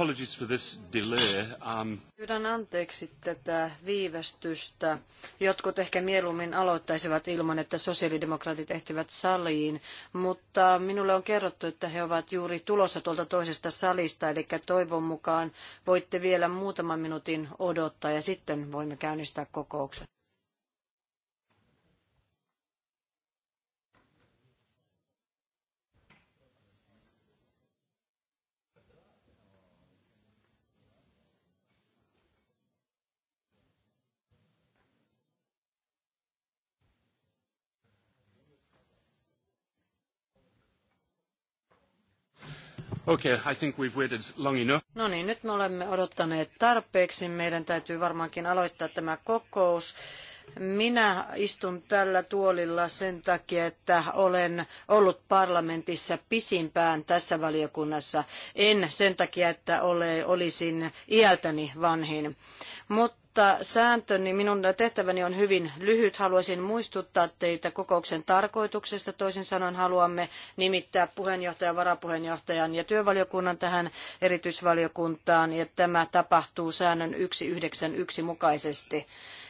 apologies for this delay. Um... Pyydän anteeksi tätä viivästystä. Jotkut ehkä mieluummin aloittaisivat ilman, että sosiaalidemokraatit ehtivät saliin, mutta minulle on kerrottu, että he ovat juuri tulossa tuolta toisesta salista, eli toivon mukaan voitte vielä muutaman minuutin odottaa ja sitten voimme käynnistää kokouksen. Okay, I think we've waited long enough. No niin, nyt me olemme odottaneet tarpeeksi. Meidän täytyy varmaankin aloittaa tämä kokous. Minä istun tällä tuolilla sen takia, että olen ollut parlamentissa pisimpään tässä valiokunnassa. En sen takia, että ole, olisin iältäni vanhin. Mutta mutta sääntö, niin minun tehtäväni on hyvin lyhyt. Haluaisin muistuttaa teitä kokouksen tarkoituksesta. Toisin sanoen haluamme nimittää puheenjohtajan, varapuheenjohtajan ja työvaliokunnan tähän erityisvaliokuntaan, ja tämä tapahtuu säännön 191 mukaisesti.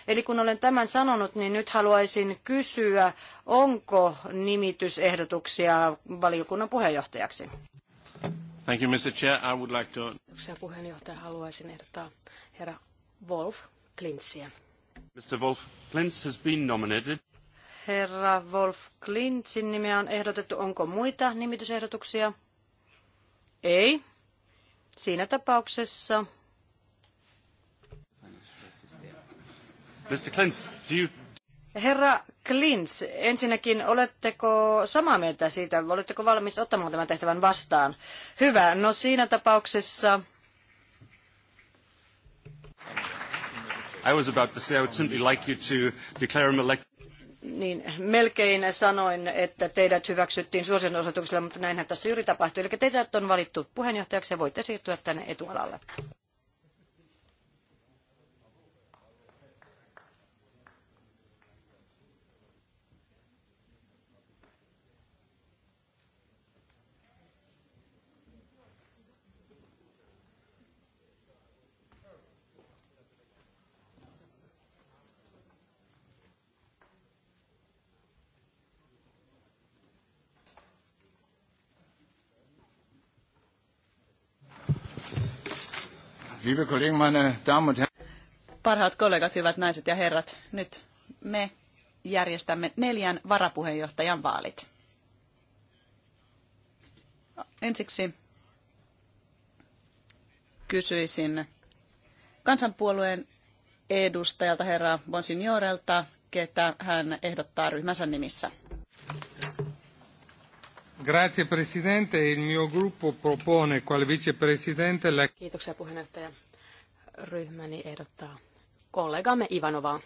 Eli kun olen tämän sanonut, niin nyt haluaisin kysyä, onko nimitysehdotuksia valiokunnan puheenjohtajaksi? Thank you, Mr. Chair. I would like to... puheenjohtaja. Haluaisin ehdottaa herra Wolf Klintsiä. Mr. Wolf Klintz has been nominated. Herra Wolf Klintzin nimeä on ehdotettu. Onko muita nimitysehdotuksia? Ei. Siinä tapauksessa... Mr. Klintz, do you... Herra Klintz, ensinnäkin oletteko samaa mieltä siitä, oletteko valmis ottamaan tämän tehtävän vastaan? Hyvä, no siinä tapauksessa... Thank you. I was about to say I would simply like you to declare him elected niin melkein sanoin, että teidät hyväksyttiin suosionosoituksella, mutta näinhän tässä juuri tapahtui. Eli teidät on valittu puheenjohtajaksi ja voitte siirtyä tänne etualalle. Liebe Kollegen, meine Damen und Herren. Parhaat kollegat, hyvät naiset ja herrat, nyt me järjestämme neljän varapuheenjohtajan vaalit. Ensiksi kysyisin kansanpuolueen edustajalta herra Bonsignorelta, ketä hän ehdottaa ryhmänsä nimissä. Grazie Presidente. Il mio gruppo propone quale vicepresidente la... Kiitoksia puheenjohtaja. Ryhmäni ehdottaa kollegamme Ivanovaa.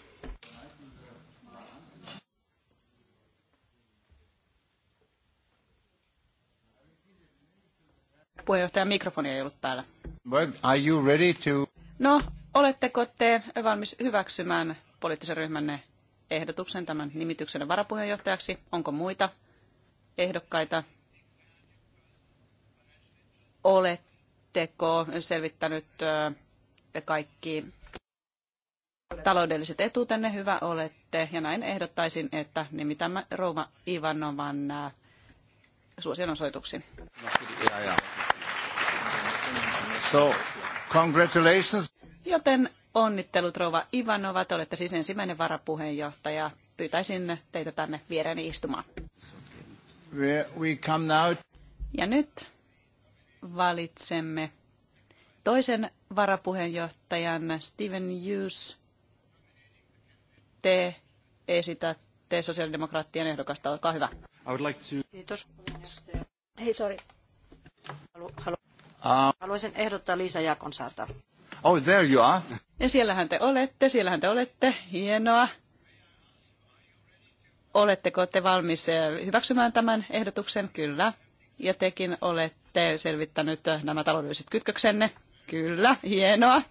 Puheenjohtajan mikrofoni ei ollut päällä. But are you ready to... No, oletteko te valmis hyväksymään poliittisen ryhmänne ehdotuksen tämän nimityksen varapuheenjohtajaksi? Onko muita ehdokkaita. Oletteko selvittänyt te kaikki taloudelliset etuutenne? Hyvä olette. Ja näin ehdottaisin, että nimitämme Rouma Ivanovan suosionosoituksiin. So, congratulations. Joten onnittelut Rouva Ivanova, te olette siis ensimmäinen varapuheenjohtaja. Pyytäisin teitä tänne viereeni istumaan. We come now. Ja nyt valitsemme toisen varapuheenjohtajan Steven Hughes. Te esitätte sosiaalidemokraattien ehdokasta. Olkaa hyvä. I would like to... Kiitos. Hei, sorry. Halu, halu. Uh. Haluaisin ehdottaa Liisa Jaakonsaarta. Oh, there you are. Ja siellähän te olette, siellähän te olette. Hienoa. Oletteko te valmis eh, hyväksymään tämän ehdotuksen? Kyllä. Ja tekin olette selvittänyt eh, nämä taloudelliset kytköksenne? Kyllä. Hienoa.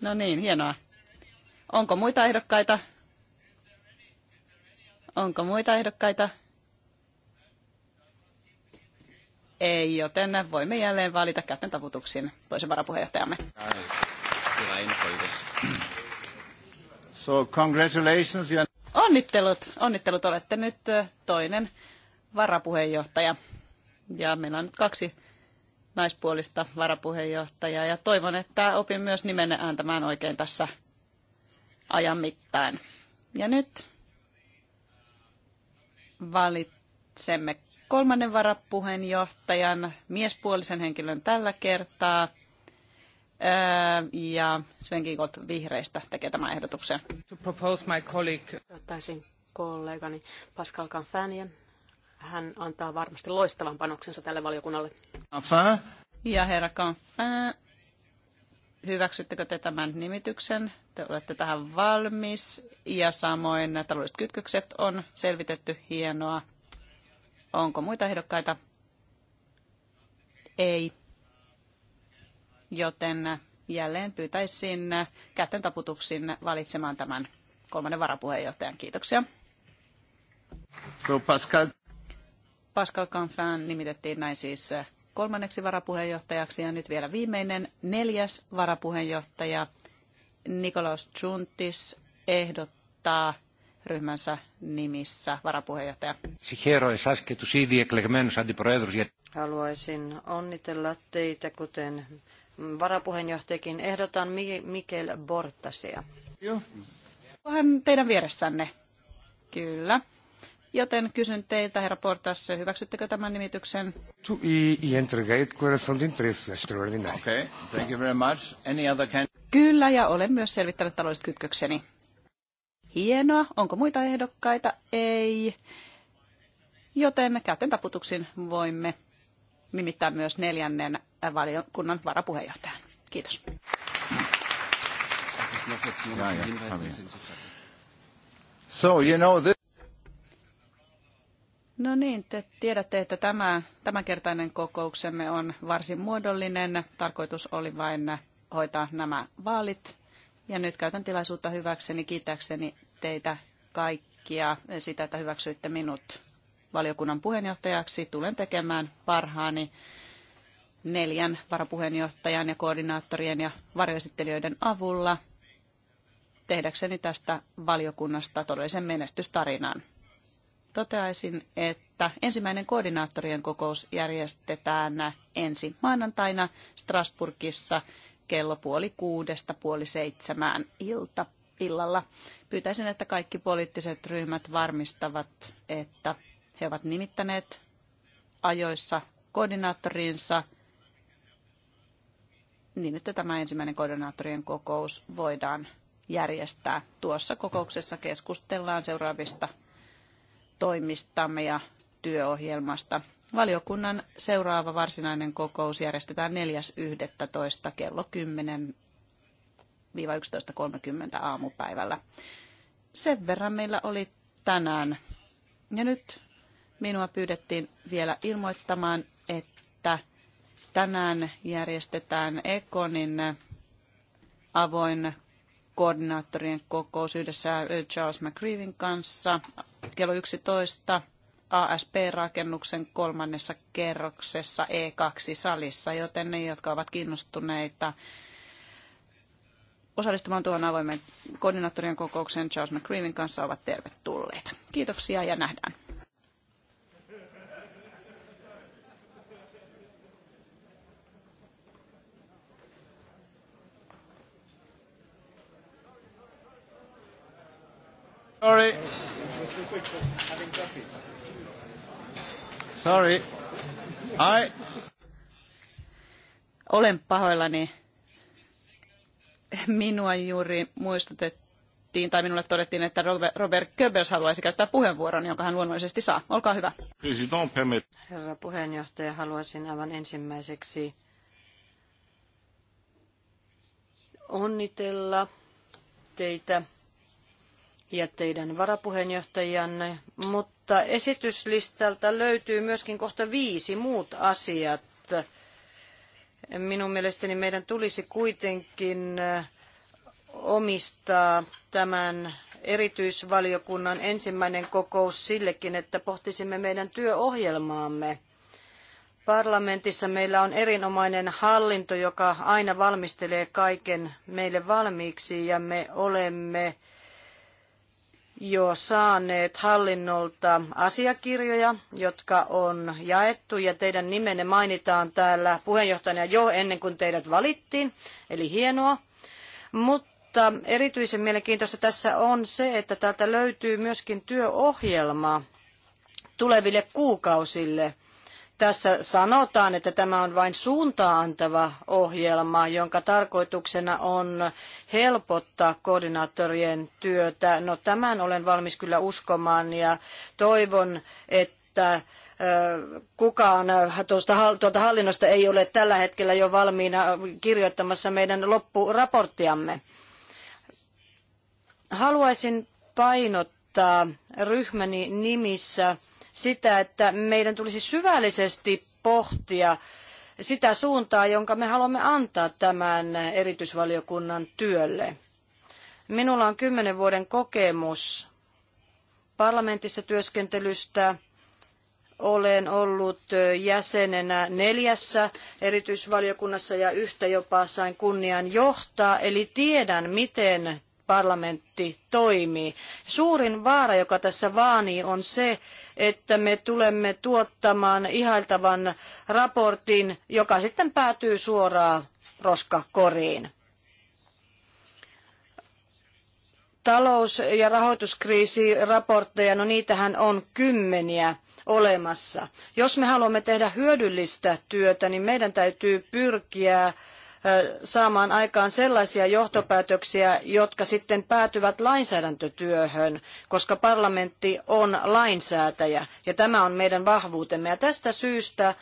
No niin, hienoa. Onko muita ehdokkaita? Onko muita ehdokkaita? Ei, joten voimme jälleen valita käten taputuksin toisen varapuheenjohtajamme. So congratulations. Onnittelut, onnittelut olette nyt toinen varapuheenjohtaja. Ja meillä on nyt kaksi naispuolista varapuheenjohtajaa ja toivon, että opin myös nimenne antamaan oikein tässä ajan mittaan. Ja nyt valitsemme kolmannen varapuheenjohtajan, miespuolisen henkilön tällä kertaa – Öö, ja Sven Giegold vihreistä tekee tämän ehdotuksen. Ottaisin kollegani Pascal Canfanien. Hän antaa varmasti loistavan panoksensa tälle valiokunnalle. Canfin. Ja herra Canfan, hyväksyttekö te tämän nimityksen? Te olette tähän valmis ja samoin nämä taloudelliset kytkökset on selvitetty hienoa. Onko muita ehdokkaita? Ei joten jälleen pyytäisin käten taputuksin valitsemaan tämän kolmannen varapuheenjohtajan. Kiitoksia. So Pascal. Pascal Canfin nimitettiin näin siis kolmanneksi varapuheenjohtajaksi ja nyt vielä viimeinen neljäs varapuheenjohtaja Nikolaus Juntis ehdottaa ryhmänsä nimissä varapuheenjohtaja. Haluaisin onnitella teitä, kuten varapuheenjohtajakin. Ehdotan Mikel Borttasia. Joo. Hän teidän vieressänne. Kyllä. Joten kysyn teiltä, herra Portas, hyväksyttekö tämän nimityksen? Okay, thank you very much. Any other can... Kyllä, ja olen myös selvittänyt taloudelliset kytkökseni. Hienoa. Onko muita ehdokkaita? Ei. Joten käten taputuksin voimme nimittää myös neljännen valiokunnan varapuheenjohtajan. Kiitos. So, you know this... No niin, te tiedätte, että tämä, tämänkertainen kokouksemme on varsin muodollinen. Tarkoitus oli vain hoitaa nämä vaalit. Ja nyt käytän tilaisuutta hyväkseni, kiittääkseni teitä kaikkia sitä, että hyväksyitte minut valiokunnan puheenjohtajaksi tulen tekemään parhaani neljän varapuheenjohtajan ja koordinaattorien ja varjoesittelijöiden avulla tehdäkseni tästä valiokunnasta todellisen menestystarinan. Toteaisin, että ensimmäinen koordinaattorien kokous järjestetään ensi maanantaina Strasburgissa kello puoli kuudesta puoli seitsemään ilta, illalla. Pyytäisin, että kaikki poliittiset ryhmät varmistavat, että he ovat nimittäneet ajoissa koordinaattoriinsa niin, että tämä ensimmäinen koordinaattorien kokous voidaan järjestää. Tuossa kokouksessa keskustellaan seuraavista toimistamme ja työohjelmasta. Valiokunnan seuraava varsinainen kokous järjestetään 4.11. kello 10-11.30 aamupäivällä. Sen verran meillä oli tänään. Ja nyt minua pyydettiin vielä ilmoittamaan, että tänään järjestetään Ekonin avoin koordinaattorien kokous yhdessä Charles McGreevin kanssa kello 11 ASP-rakennuksen kolmannessa kerroksessa E2-salissa, joten ne, jotka ovat kiinnostuneita osallistumaan tuohon avoimen koordinaattorien kokoukseen Charles McGreevin kanssa, ovat tervetulleita. Kiitoksia ja nähdään. Sorry. Sorry. I... Olen pahoillani. Minua juuri muistutettiin tai minulle todettiin, että Robert Goebbels haluaisi käyttää puheenvuoron, jonka hän luonnollisesti saa. Olkaa hyvä. Herra puheenjohtaja, haluaisin aivan ensimmäiseksi onnitella teitä ja teidän varapuheenjohtajanne, mutta esityslistalta löytyy myöskin kohta viisi muut asiat. Minun mielestäni meidän tulisi kuitenkin äh, omistaa tämän erityisvaliokunnan ensimmäinen kokous sillekin, että pohtisimme meidän työohjelmaamme. Parlamentissa meillä on erinomainen hallinto, joka aina valmistelee kaiken meille valmiiksi ja me olemme jo saaneet hallinnolta asiakirjoja, jotka on jaettu ja teidän nimenne mainitaan täällä puheenjohtajana jo ennen kuin teidät valittiin, eli hienoa. Mutta erityisen mielenkiintoista tässä on se, että täältä löytyy myöskin työohjelma tuleville kuukausille. Tässä sanotaan, että tämä on vain suuntaantava ohjelma, jonka tarkoituksena on helpottaa koordinaattorien työtä. No tämän olen valmis kyllä uskomaan ja toivon, että kukaan tuosta, tuolta hallinnosta ei ole tällä hetkellä jo valmiina kirjoittamassa meidän loppuraporttiamme. Haluaisin painottaa ryhmäni nimissä sitä, että meidän tulisi syvällisesti pohtia sitä suuntaa, jonka me haluamme antaa tämän erityisvaliokunnan työlle. Minulla on kymmenen vuoden kokemus parlamentissa työskentelystä. Olen ollut jäsenenä neljässä erityisvaliokunnassa ja yhtä jopa sain kunnian johtaa, eli tiedän, miten parlamentti toimii. Suurin vaara, joka tässä vaanii, on se, että me tulemme tuottamaan ihailtavan raportin, joka sitten päätyy suoraan roskakoriin. Talous- ja rahoituskriisiraportteja, no niitähän on kymmeniä olemassa. Jos me haluamme tehdä hyödyllistä työtä, niin meidän täytyy pyrkiä saamaan aikaan sellaisia johtopäätöksiä, jotka sitten päätyvät lainsäädäntötyöhön, koska parlamentti on lainsäätäjä ja tämä on meidän vahvuutemme. Ja tästä syystä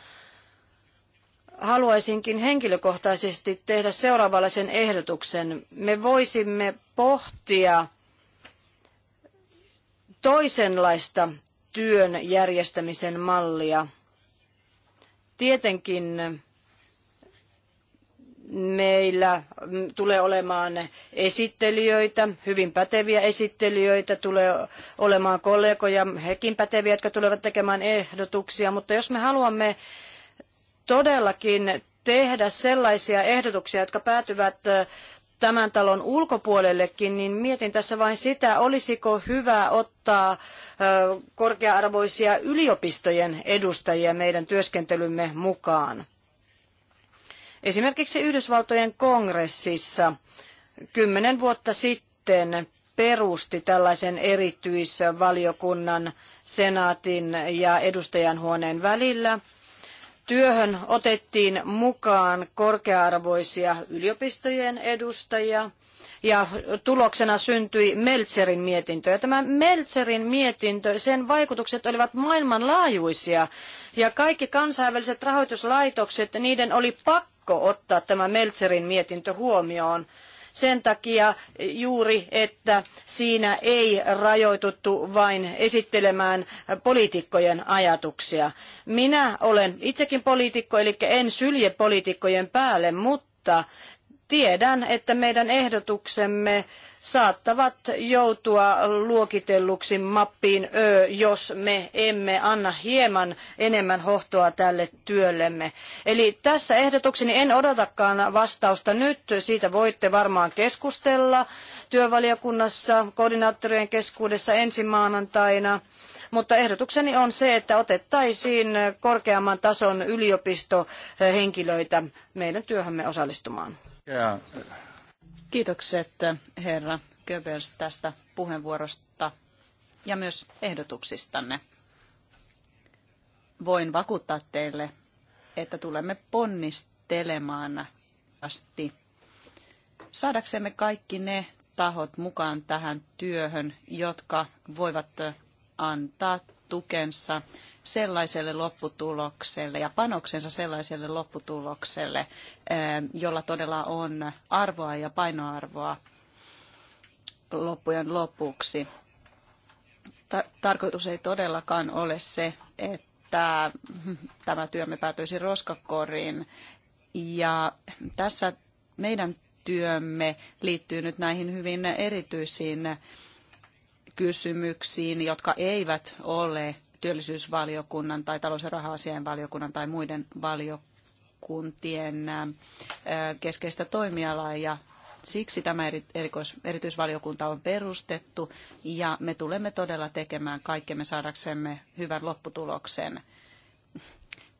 haluaisinkin henkilökohtaisesti tehdä seuraavallisen ehdotuksen. Me voisimme pohtia toisenlaista työn järjestämisen mallia. Tietenkin meillä mm, tulee olemaan esittelijöitä, hyvin päteviä esittelijöitä, tulee olemaan kollegoja, hekin päteviä, jotka tulevat tekemään ehdotuksia, mutta jos me haluamme todellakin tehdä sellaisia ehdotuksia, jotka päätyvät tämän talon ulkopuolellekin, niin mietin tässä vain sitä, olisiko hyvä ottaa korkea-arvoisia yliopistojen edustajia meidän työskentelymme mukaan. Esimerkiksi Yhdysvaltojen kongressissa kymmenen vuotta sitten perusti tällaisen erityisvaliokunnan senaatin ja edustajanhuoneen välillä. Työhön otettiin mukaan korkea-arvoisia yliopistojen edustajia ja tuloksena syntyi Meltzerin mietintö. Ja tämä Meltzerin mietintö, sen vaikutukset olivat maailmanlaajuisia ja kaikki kansainväliset rahoituslaitokset, niiden oli pakko pakko ottaa tämä Meltserin mietintö huomioon sen takia juuri, että siinä ei rajoituttu vain esittelemään poliitikkojen ajatuksia. Minä olen itsekin poliitikko, eli en sylje poliitikkojen päälle, mutta Tiedän, että meidän ehdotuksemme saattavat joutua luokitelluksi mappiin Ö, jos me emme anna hieman enemmän hohtoa tälle työllemme. Eli tässä ehdotukseni en odotakaan vastausta nyt, siitä voitte varmaan keskustella työvaliokunnassa, koordinaattorien keskuudessa ensi maanantaina. Mutta ehdotukseni on se, että otettaisiin korkeamman tason yliopistohenkilöitä meidän työhömme osallistumaan. Kiitokset herra Goebbels tästä puheenvuorosta ja myös ehdotuksistanne. Voin vakuuttaa teille, että tulemme ponnistelemaan asti saadaksemme kaikki ne tahot mukaan tähän työhön, jotka voivat antaa tukensa sellaiselle lopputulokselle ja panoksensa sellaiselle lopputulokselle, eh, jolla todella on arvoa ja painoarvoa loppujen lopuksi. Tarkoitus ei todellakaan ole se, että tämä työmme päätyisi roskakoriin. Ja tässä meidän työmme liittyy nyt näihin hyvin erityisiin kysymyksiin, jotka eivät ole työllisyysvaliokunnan tai talous- ja raha-asiainvaliokunnan tai muiden valiokuntien keskeistä toimialaa ja Siksi tämä erikois, erityisvaliokunta on perustettu ja me tulemme todella tekemään kaikkemme saadaksemme hyvän lopputuloksen.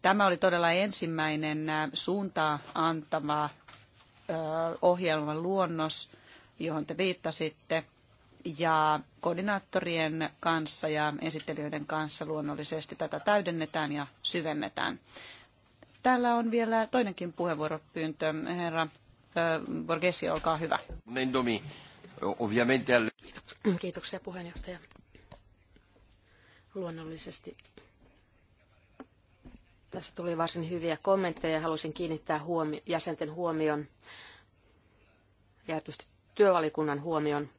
Tämä oli todella ensimmäinen suuntaa antava ohjelman luonnos, johon te viittasitte ja koordinaattorien kanssa ja esittelijöiden kanssa luonnollisesti tätä täydennetään ja syvennetään. Täällä on vielä toinenkin puheenvuoropyyntö. Herra Borgesi, olkaa hyvä. Kiitoksia puheenjohtaja. Luonnollisesti tässä tuli varsin hyviä kommentteja ja halusin kiinnittää huomi- jäsenten huomion ja tietysti työvalikunnan huomion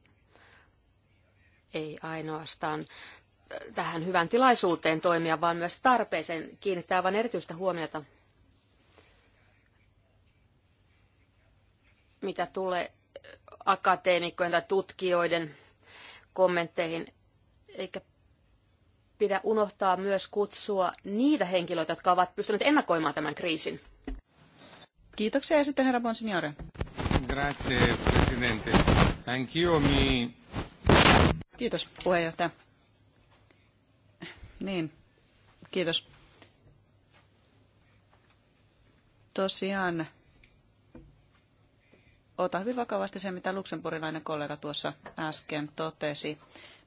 ei ainoastaan äh, tähän hyvään tilaisuuteen toimia, vaan myös tarpeeseen kiinnittää aivan erityistä huomiota. Mitä tulee äh, akateemikkojen tai tutkijoiden kommentteihin, eikä pidä unohtaa myös kutsua niitä henkilöitä, jotka ovat pystyneet ennakoimaan tämän kriisin. Kiitoksia ja sitten herra Bonsignore. Grazie, presidente. Anch'io mi Kiitos puheenjohtaja. Niin, kiitos. Tosiaan ota hyvin vakavasti se, mitä luksemburilainen kollega tuossa äsken totesi.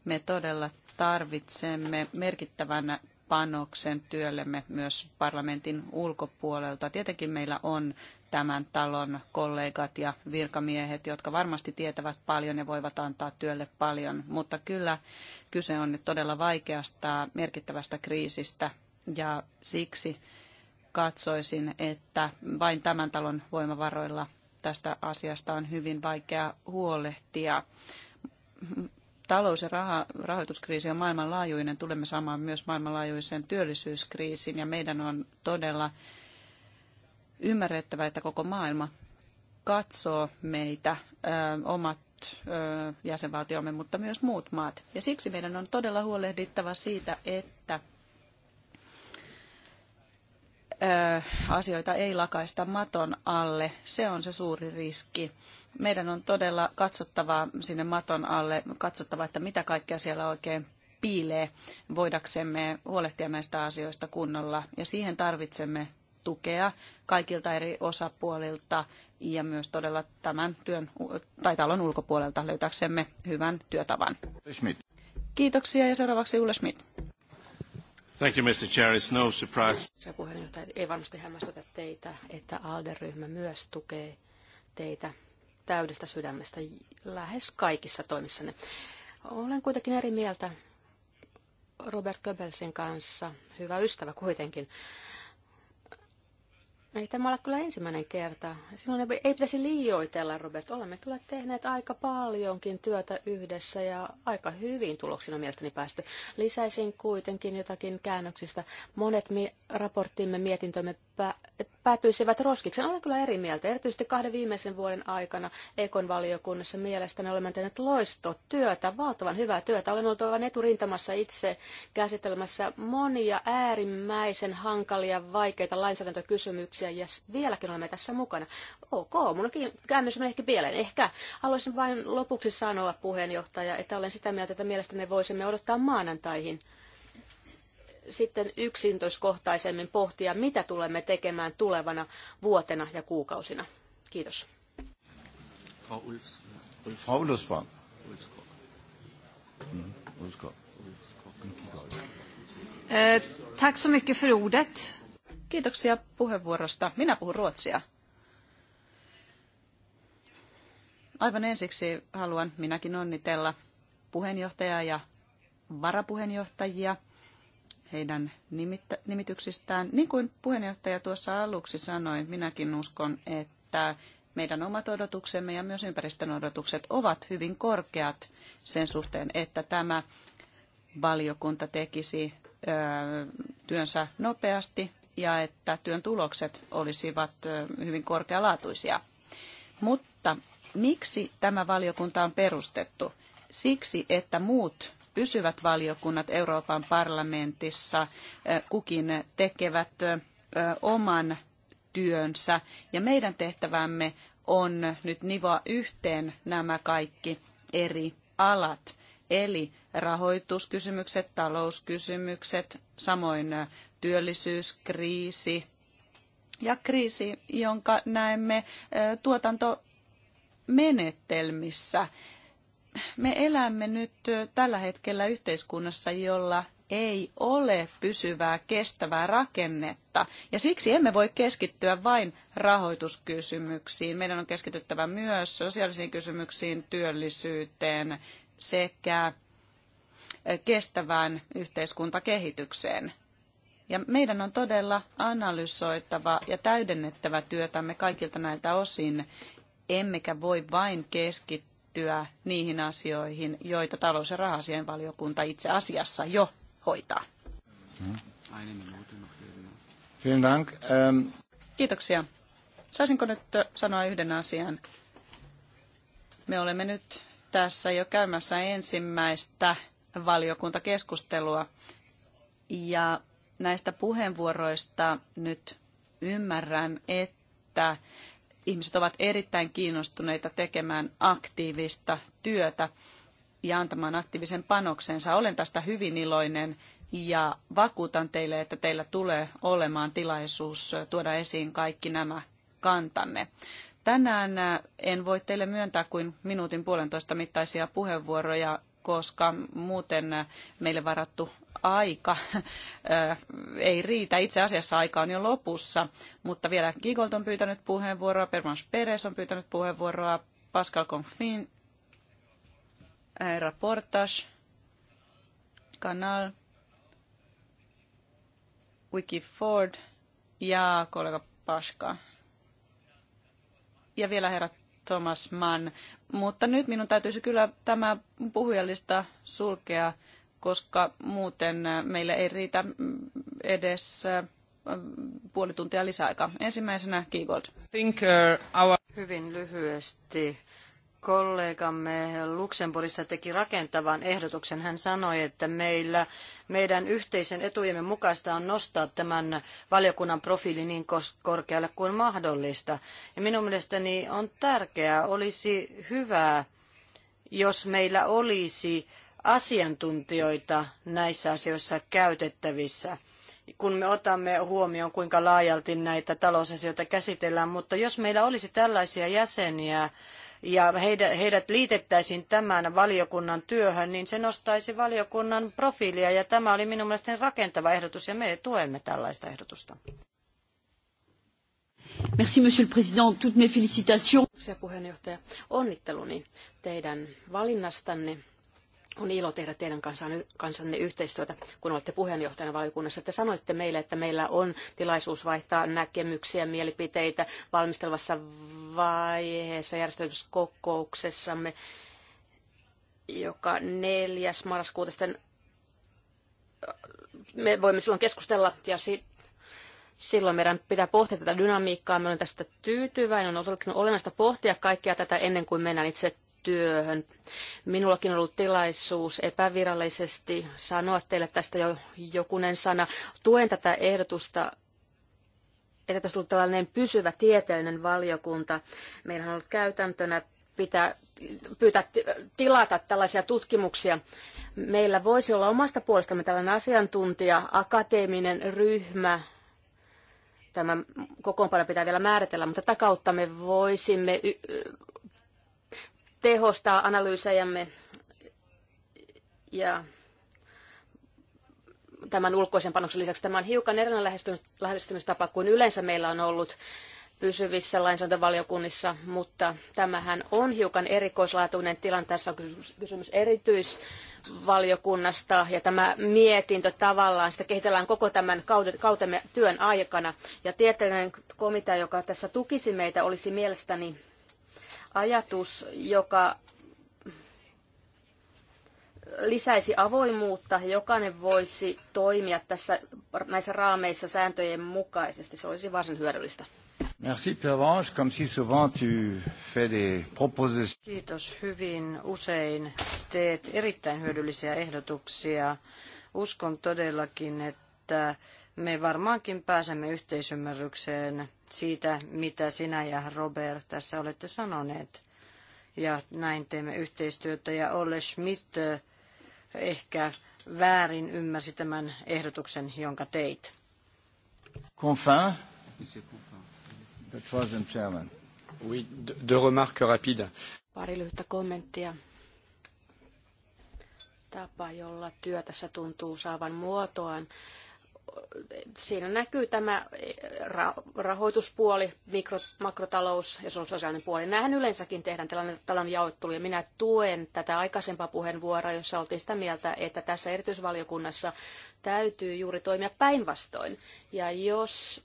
Me todella tarvitsemme merkittävän panoksen työllemme myös parlamentin ulkopuolelta. Tietenkin meillä on tämän talon kollegat ja virkamiehet, jotka varmasti tietävät paljon ja voivat antaa työlle paljon, mutta kyllä kyse on nyt todella vaikeasta, merkittävästä kriisistä ja siksi katsoisin, että vain tämän talon voimavaroilla tästä asiasta on hyvin vaikea huolehtia. Talous- ja raha, rahoituskriisi on maailmanlaajuinen. Tulemme saamaan myös maailmanlaajuisen työllisyyskriisin ja meidän on todella ymmärrettävä, että koko maailma katsoo meitä, ö, omat ö, jäsenvaltiomme, mutta myös muut maat. Ja siksi meidän on todella huolehdittava siitä, että asioita ei lakaista maton alle. Se on se suuri riski. Meidän on todella katsottava sinne maton alle, katsottava, että mitä kaikkea siellä oikein piilee, voidaksemme huolehtia näistä asioista kunnolla. Ja siihen tarvitsemme tukea kaikilta eri osapuolilta ja myös todella tämän työn tai talon ulkopuolelta löytääksemme hyvän työtavan. Schmidt. Kiitoksia ja seuraavaksi Ulle Schmidt. Thank you, Mr. Chair. It's no surprise. Se puheenjohtaja, ei varmasti hämmästytä teitä, että ALDE-ryhmä myös tukee teitä täydestä sydämestä lähes kaikissa toimissanne. Olen kuitenkin eri mieltä Robert Goebbelsin kanssa, hyvä ystävä kuitenkin. Ei tämä ole kyllä ensimmäinen kerta. Silloin ei pitäisi liioitella, Robert. Olemme kyllä tehneet aika paljonkin työtä yhdessä ja aika hyvin tuloksina mielestäni päästy. Lisäisin kuitenkin jotakin käännöksistä. Monet mi- raporttimme, mietintömme päätyisivät roskiksen. Olen kyllä eri mieltä. Erityisesti kahden viimeisen vuoden aikana Ekon valiokunnassa mielestäni olemme tehneet loistotyötä, valtavan hyvää työtä. Olen ollut aivan eturintamassa itse käsittelemässä monia äärimmäisen hankalia, vaikeita lainsäädäntökysymyksiä ja vieläkin olemme tässä mukana. Ok, minunkin käännös on ehkä pieleen. Ehkä haluaisin vain lopuksi sanoa puheenjohtaja, että olen sitä mieltä, että mielestäni voisimme odottaa maanantaihin – sitten yksintoiskohtaisemmin pohtia, mitä tulemme tekemään tulevana vuotena ja kuukausina. Kiitos. Frau Ulfskog. Mm-hmm. Mm-hmm. Eh, tack så mycket för ordet. Kiitoksia puheenvuorosta. Minä puhun ruotsia. Aivan ensiksi haluan minäkin onnitella puheenjohtajaa ja varapuheenjohtajia – heidän nimityksistään. Niin kuin puheenjohtaja tuossa aluksi sanoi, minäkin uskon, että meidän omat odotuksemme ja myös ympäristön odotukset ovat hyvin korkeat sen suhteen, että tämä valiokunta tekisi työnsä nopeasti ja että työn tulokset olisivat hyvin korkealaatuisia. Mutta miksi tämä valiokunta on perustettu? Siksi, että muut pysyvät valiokunnat Euroopan parlamentissa kukin tekevät oman työnsä ja meidän tehtävämme on nyt nivoa yhteen nämä kaikki eri alat. Eli rahoituskysymykset, talouskysymykset, samoin työllisyyskriisi ja kriisi, jonka näemme tuotantomenetelmissä me elämme nyt tällä hetkellä yhteiskunnassa, jolla ei ole pysyvää, kestävää rakennetta. Ja siksi emme voi keskittyä vain rahoituskysymyksiin. Meidän on keskityttävä myös sosiaalisiin kysymyksiin, työllisyyteen sekä kestävään yhteiskuntakehitykseen. Ja meidän on todella analysoitava ja täydennettävä työtämme kaikilta näiltä osin, emmekä voi vain keskittyä keskittyä niihin asioihin, joita talous- ja rahasienvaliokunta itse asiassa jo hoitaa. Ähm, Kiitoksia. Saisinko nyt sanoa yhden asian? Me olemme nyt tässä jo käymässä ensimmäistä valiokuntakeskustelua ja näistä puheenvuoroista nyt ymmärrän, että ihmiset ovat erittäin kiinnostuneita tekemään aktiivista työtä ja antamaan aktiivisen panoksensa. Olen tästä hyvin iloinen ja vakuutan teille, että teillä tulee olemaan tilaisuus tuoda esiin kaikki nämä kantanne. Tänään en voi teille myöntää kuin minuutin puolentoista mittaisia puheenvuoroja, koska muuten meille varattu aika ei riitä. Itse asiassa aika on jo lopussa, mutta vielä Gigolt on pyytänyt puheenvuoroa, Permans Peres on pyytänyt puheenvuoroa, Pascal Confin, Raportage, Kanal, Wiki Ford ja kollega Paska. Ja vielä herra Thomas Mann. Mutta nyt minun täytyisi kyllä tämä puhujalista sulkea, koska muuten meille ei riitä mm, edes puoli tuntia lisäaikaa. Ensimmäisenä Kiigold. Uh, our... Hyvin lyhyesti kollegamme Luxemburgissa teki rakentavan ehdotuksen. Hän sanoi, että meillä, meidän yhteisen etujemme mukaista on nostaa tämän valiokunnan profiili niin korkealle kuin mahdollista. Ja minun mielestäni on tärkeää, olisi hyvä, jos meillä olisi asiantuntijoita näissä asioissa käytettävissä, kun me otamme huomioon, kuinka laajalti näitä talousasioita käsitellään. Mutta jos meillä olisi tällaisia jäseniä, ja heidät liitettäisiin tämän valiokunnan työhön, niin se nostaisi valiokunnan profiilia ja tämä oli minun mielestäni rakentava ehdotus ja me tuemme tällaista ehdotusta. Merci, monsieur le président. Toutes mes félicitations. Puheenjohtaja, onnitteluni teidän valinnastanne on ilo tehdä teidän kanssanne yhteistyötä, kun olette puheenjohtajana valiokunnassa. Te sanoitte meille, että meillä on tilaisuus vaihtaa näkemyksiä, mielipiteitä valmistelvassa vaiheessa järjestetyssä kokouksessamme, joka 4. marraskuuta sitten me voimme silloin keskustella ja silloin meidän pitää pohtia tätä dynamiikkaa. Me olen tästä tyytyväinen. On olennaista pohtia kaikkea tätä ennen kuin mennään itse työhön. Minullakin on ollut tilaisuus epävirallisesti sanoa teille tästä jo jokunen sana. Tuen tätä ehdotusta että tässä on tällainen pysyvä tieteellinen valiokunta. Meillä on ollut käytäntönä pitää, pyytää tilata tällaisia tutkimuksia. Meillä voisi olla omasta puolestamme tällainen asiantuntija, akateeminen ryhmä, tämä kokoonpano pitää vielä määritellä, mutta tätä kautta me voisimme tehostaa analyysejämme ja tämän ulkoisen panoksen lisäksi tämä on hiukan erilainen lähestymistapa kuin yleensä meillä on ollut pysyvissä lainsäädäntövaliokunnissa, mutta tämähän on hiukan erikoislaatuinen tilanne. Tässä on kysymys erityisvaliokunnasta ja tämä mietintö tavallaan, sitä kehitellään koko tämän kautemme työn aikana. Ja tieteellinen komitea, joka tässä tukisi meitä, olisi mielestäni ajatus, joka lisäisi avoimuutta, jokainen voisi toimia tässä, näissä raameissa sääntöjen mukaisesti. Se olisi varsin hyödyllistä. Merci Pervenche, comme si souvent tu fais des propositions. Kiitos hyvin usein. Teet erittäin hyödyllisiä ehdotuksia. Uskon todellakin, että me varmaankin pääsemme yhteisymmärrykseen siitä, mitä sinä ja Robert tässä olette sanoneet. Ja näin teemme yhteistyötä. Ja Olle Schmidt eh, ehkä väärin ymmärsi tämän ehdotuksen, jonka teit. Confin. The Troisième Chairman. Oui, deux remarques rapides. Pari lyhyttä kommenttia. Tapa, jolla työ tässä tuntuu saavan muotoaan, siinä näkyy tämä eh, rahoituspuoli, mikro, makrotalous ja se on sosiaalinen puoli. Nämähän yleensäkin tehdään tällainen, tällainen jaottelu ja minä tuen tätä aikaisempaa puheenvuoroa, jossa oltiin sitä mieltä, että tässä erityisvaliokunnassa täytyy juuri toimia päinvastoin. Ja jos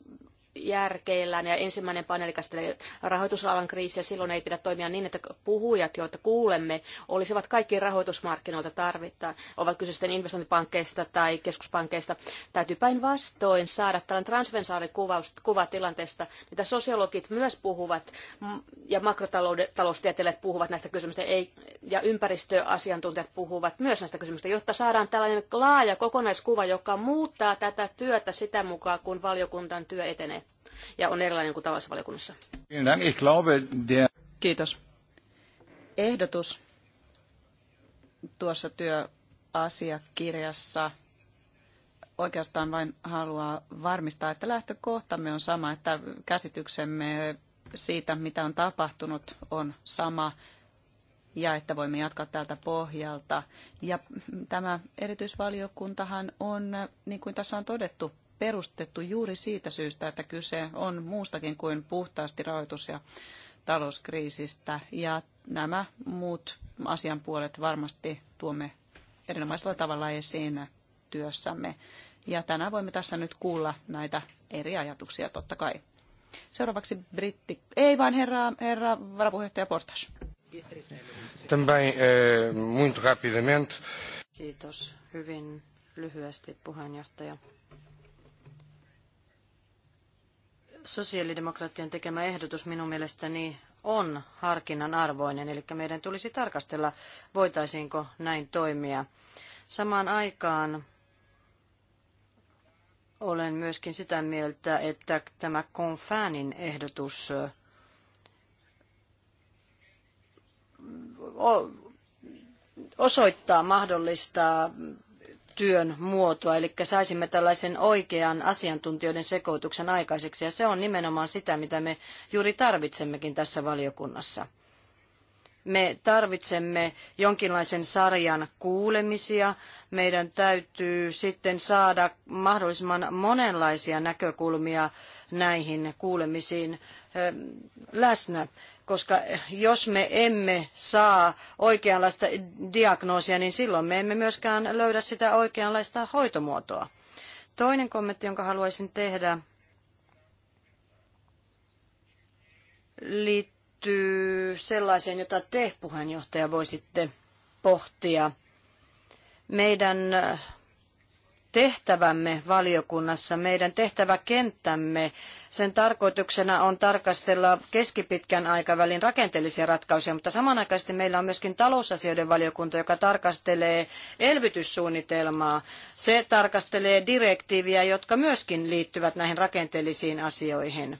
järkeillään ja ensimmäinen paneeli käsittelee rahoitusalan kriisiä. Silloin ei pidä toimia niin, että puhujat, joita kuulemme, olisivat kaikki rahoitusmarkkinoilta tarvittaa. Ovat kyse sitten investointipankkeista tai keskuspankkeista. Täytyy päinvastoin saada tällainen transversaalikuvaus kuva tilanteesta, mitä sosiologit myös puhuvat ja makrotaloustieteilijät puhuvat näistä kysymyksistä ei, ja ympäristöasiantuntijat puhuvat myös näistä kysymyksistä, jotta saadaan tällainen laaja kokonaiskuva, joka muuttaa tätä työtä sitä mukaan, kun valiokunnan työ etenee ja on erilainen kuin tavallisessa valiokunnassa. Kiitos. Ehdotus tuossa työasiakirjassa oikeastaan vain haluaa varmistaa, että lähtökohtamme on sama, että käsityksemme siitä, mitä on tapahtunut, on sama ja että voimme jatkaa tältä pohjalta. Ja tämä erityisvaliokuntahan on, niin kuin tässä on todettu, perustettu juuri siitä syystä, että kyse on muustakin kuin puhtaasti rahoitus- ja talouskriisistä. Ja nämä muut asian puolet varmasti tuomme erinomaisella tavalla esiin työssämme. Ja tänään voimme tässä nyt kuulla näitä eri ajatuksia totta kai. Seuraavaksi britti, ei vain herra, herra varapuheenjohtaja Portas. Eh, muito rapidamente. Kiitos hyvin lyhyesti puheenjohtaja. sosiaalidemokraattien tekemä ehdotus minun mielestäni on harkinnan arvoinen, eli meidän tulisi tarkastella, voitaisiinko näin toimia. Samaan aikaan olen myöskin sitä mieltä, että tämä Confanin ehdotus osoittaa mahdollista työn muotoa, eli saisimme tällaisen oikean asiantuntijoiden sekoituksen aikaiseksi, ja se on nimenomaan sitä, mitä me juuri tarvitsemmekin tässä valiokunnassa. Me tarvitsemme jonkinlaisen sarjan kuulemisia. Meidän täytyy sitten saada mahdollisimman monenlaisia näkökulmia näihin kuulemisiin läsnä koska jos me emme saa oikeanlaista diagnoosia, niin silloin me emme myöskään löydä sitä oikeanlaista hoitomuotoa. Toinen kommentti, jonka haluaisin tehdä, liittyy liittyy sellaiseen, jota te puheenjohtaja voisitte pohtia. Meidän äh, tehtävämme valiokunnassa, meidän tehtäväkenttämme, sen tarkoituksena on tarkastella keskipitkän aikavälin rakenteellisia ratkaisuja, mutta samanaikaisesti meillä on myöskin talousasioiden valiokunta, joka tarkastelee elvytyssuunnitelmaa. Se tarkastelee direktiiviä, jotka myöskin liittyvät näihin rakenteellisiin asioihin.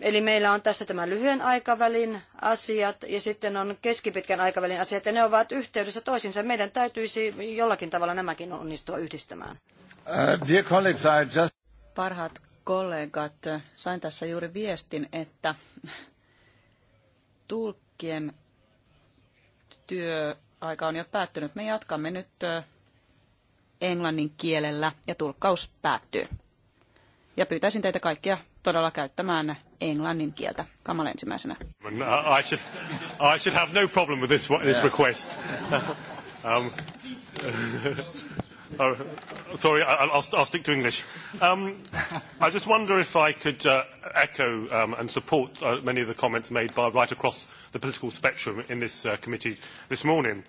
Eli meillä on tässä tämä lyhyen aikavälin asiat ja sitten on keskipitkän aikavälin asiat ja ne ovat yhteydessä toisiinsa. Meidän täytyisi jollakin tavalla nämäkin onnistua yhdistämään. Uh, dear colleagues, I just... Parhaat kollegat, sain tässä juuri viestin, että tulkkien työaika on jo päättynyt. Me jatkamme nyt englannin kielellä ja tulkkaus päättyy. Ja pyytäisin teitä kaikkia todella käyttämään englannin kieltä. kamala ensimmäisenä. No, I should, I should have no problem with this, this request. Um, oh, sorry, I'll, I'll stick to English. Um, I just wonder if I could uh, echo um, and support uh, many of the comments made by right across the political spectrum in this uh, committee this morning.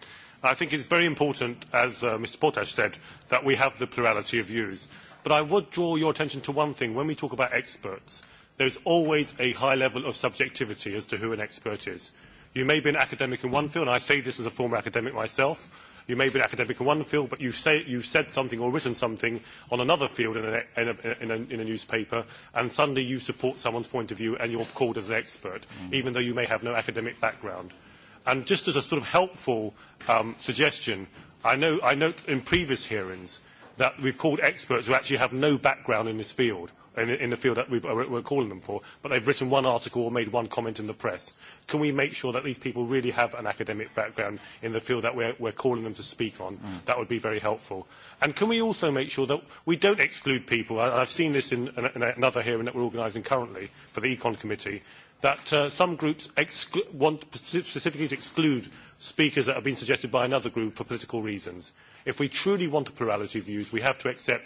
I think it's very important, as uh, Mr. Portash said, that we have the plurality of views. But I would draw your attention to one thing. When we talk about experts, there is always a high level of subjectivity as to who an expert is. You may be an academic in one field, and I say this as a former academic myself, you may be an academic in one field, but you've, say, you've said something or written something on another field in a, in, a, in, a, in a newspaper, and suddenly you support someone's point of view and you're called as an expert, mm. hmm even though you may have no academic background. And just as a sort of helpful um, suggestion, I, know, I note in previous hearings that we've called experts who actually have no background in this field in, in the field that we've, uh, we're calling them for, but they've written one article or made one comment in the press. Can we make sure that these people really have an academic background in the field that we're, we're calling them to speak on? Mm. That would be very helpful. And can we also make sure that we don't exclude people? I, I've seen this in, in another hearing that we're organising currently for the Econ Committee, that uh, some groups want specifically to exclude speakers that have been suggested by another group for political reasons. If we truly want a plurality of views, we have to accept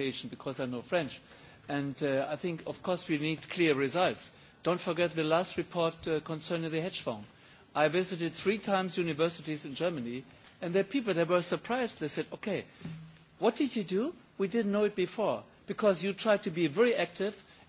presentation because I know French. And uh, I think, of course, we need clear results. Don't forget the last report uh, concerning the hedge fund. I visited three times universities in Germany, and there are people that were surprised. They said, okay, what did you do? We didn't know it before because you tried to be very active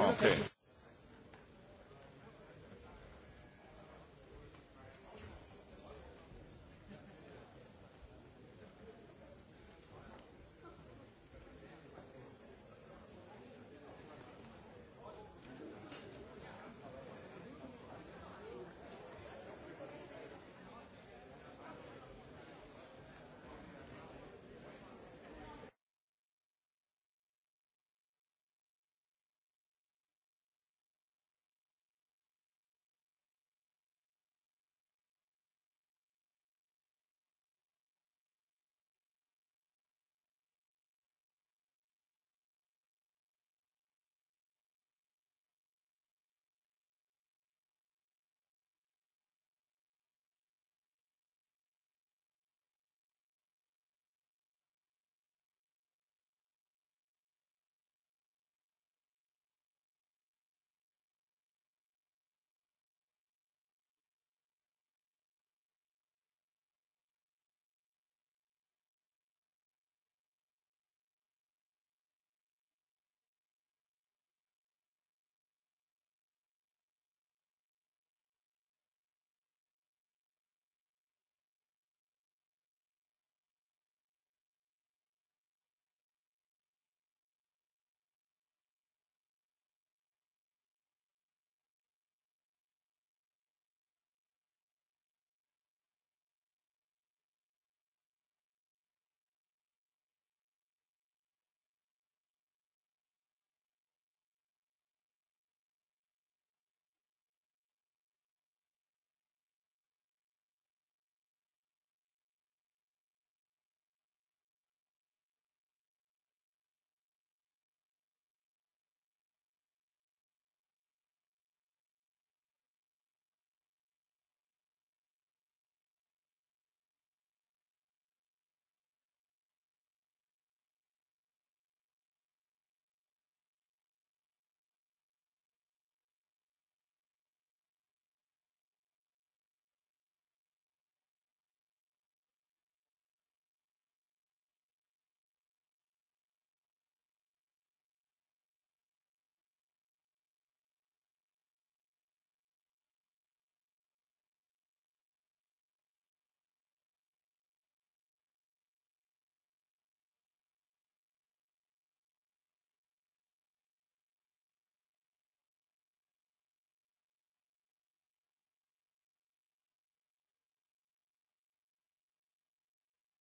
Okay.